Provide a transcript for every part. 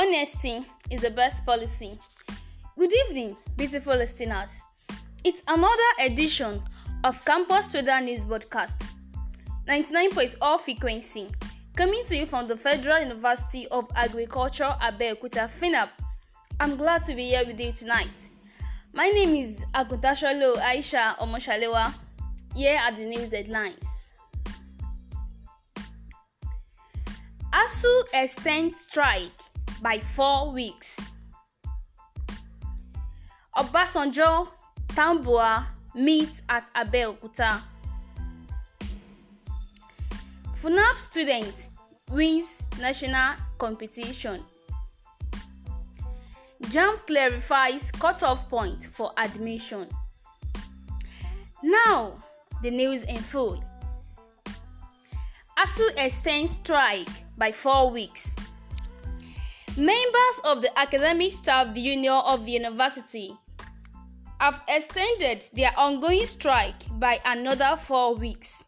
Honesty is the best policy. Good evening, beautiful listeners. It's another edition of Campus Weather News Broadcast, 99.0 frequency, coming to you from the Federal University of Agriculture, Abeokuta, FINAP. I'm glad to be here with you tonight. My name is Akutasholo Aisha Omoshalewa. Here are the news headlines. ASU extends strike by four weeks. Obasanjo Tambua meet at Abeokuta. FUNAP student wins national competition. JAMB clarifies cutoff point for admission. Now, the news in full. ASU extends strike by four weeks Members of the Academic Staff Union of the University have extended their ongoing strike by another four weeks.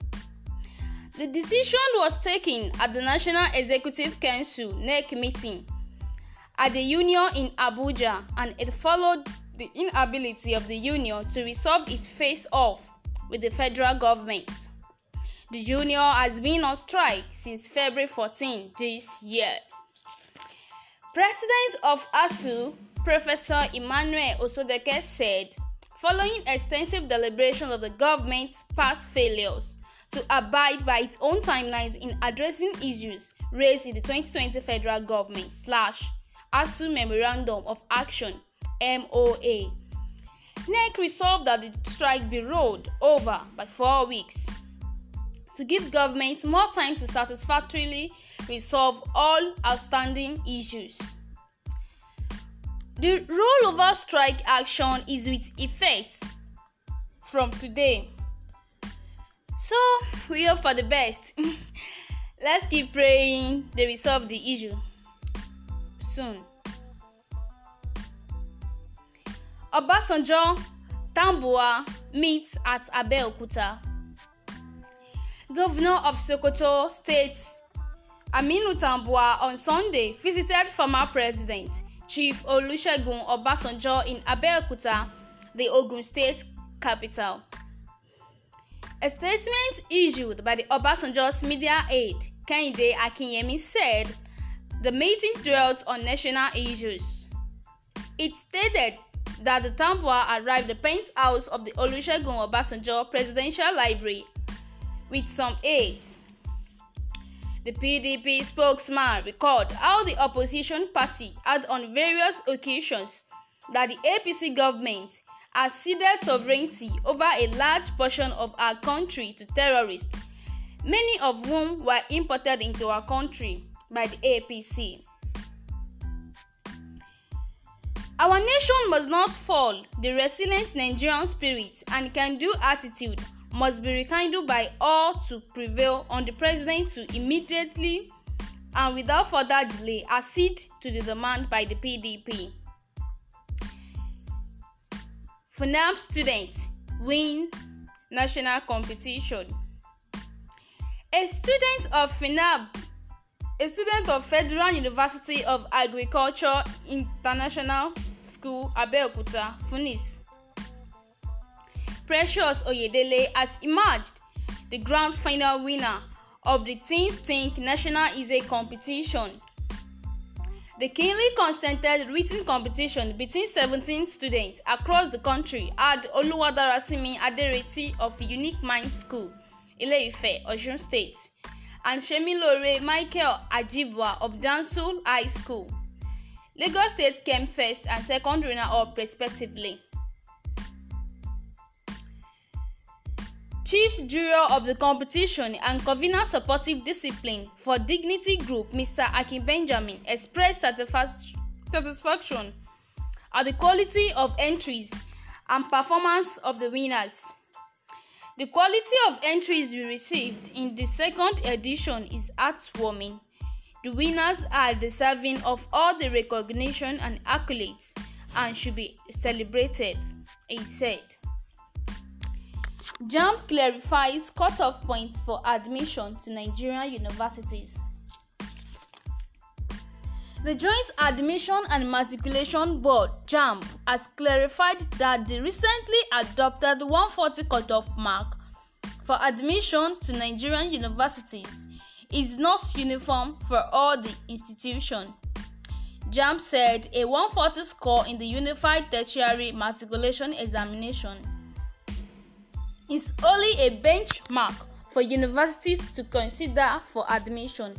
The decision was taken at the National Executive Council NEC meeting at the union in Abuja and it followed the inability of the union to resolve its face off with the federal government. The union has been on strike since February 14 this year. President of ASU, Professor Emmanuel Osodeke said, following extensive deliberation of the government's past failures to abide by its own timelines in addressing issues raised in the 2020 federal government slash ASU Memorandum of Action MOA. NEC resolved that the strike be rolled over by four weeks to give government more time to satisfactorily resolve all outstanding issues. The rollover strike action is with effect from today. So we hope for the best. Let's keep praying they resolve the issue soon. Obasanjo Tambua meets at Abeokuta. Governor of Sokoto State Aminu Tambuwal on Sunday visited former President Chief Olusegun Obasanjo in Abeokuta, the Ogun State capital. A statement issued by the Obasanjo's media aide, Kehinde Akinyemi, said the meeting dwelt on national issues. It stated that the Tambuwal arrived the penthouse of the Olusegun Obasanjo Presidential Library with some aides The PDP spokesman recalled how the opposition party had on various occasions that the APC government has ceded sovereignty over a large portion of our country to terrorists, many of whom were imported into our country by the APC. Our nation must not fall the resilient Nigerian spirit and can do attitude must be rekindled by all to prevail on the president to immediately and without further delay accede to the demand by the PDP. FUNAM student wins national competition. A student of FUNAB, a student of Federal University of Agriculture International School, Abeokuta, FUNIS, Precious Oyedele has emerged the grand final winner of the Teens Think National Essay Competition. The keenly contested written competition between 17 students across the country had Oluwadarasimi Adereti of Unique Mind School, Ile-Ife, Osun State, and Shemilore Michael Ajibwa of Dansul High School. Lagos State came first and second runner-up respectively. Chief Juror of the Competition and Covenant Supportive Discipline for Dignity Group, Mr. Akin Benjamin, expressed satisfaction at the quality of entries and performance of the winners. The quality of entries we received in the second edition is heartwarming. The winners are deserving of all the recognition and accolades and should be celebrated, he said. JAMB clarifies cutoff points for admission to Nigerian universities. The Joint Admission and Matriculation Board (JAMB) has clarified that the recently adopted 140 cutoff mark for admission to Nigerian universities is not uniform for all the institutions. JAMB said a 140 score in the Unified Tertiary Matriculation Examination is only a benchmark for universities to consider for admission.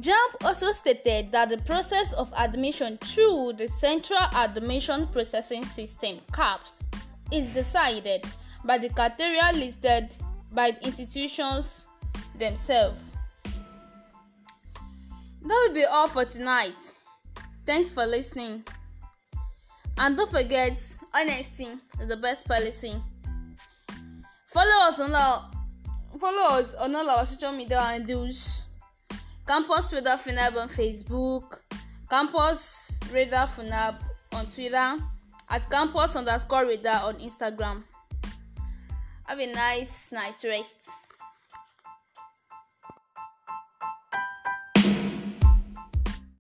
JAMP also stated that the process of admission through the Central Admission Processing System CAPS is decided by the criteria listed by the institutions themselves. That will be all for tonight. Thanks for listening. And don't forget, honesty is the best policy. Follow us on our follow us on all our social media handles. Campus Radar Funab on Facebook, Campus Radar Funab on Twitter, at Campus underscore Radar on Instagram. Have a nice night rest.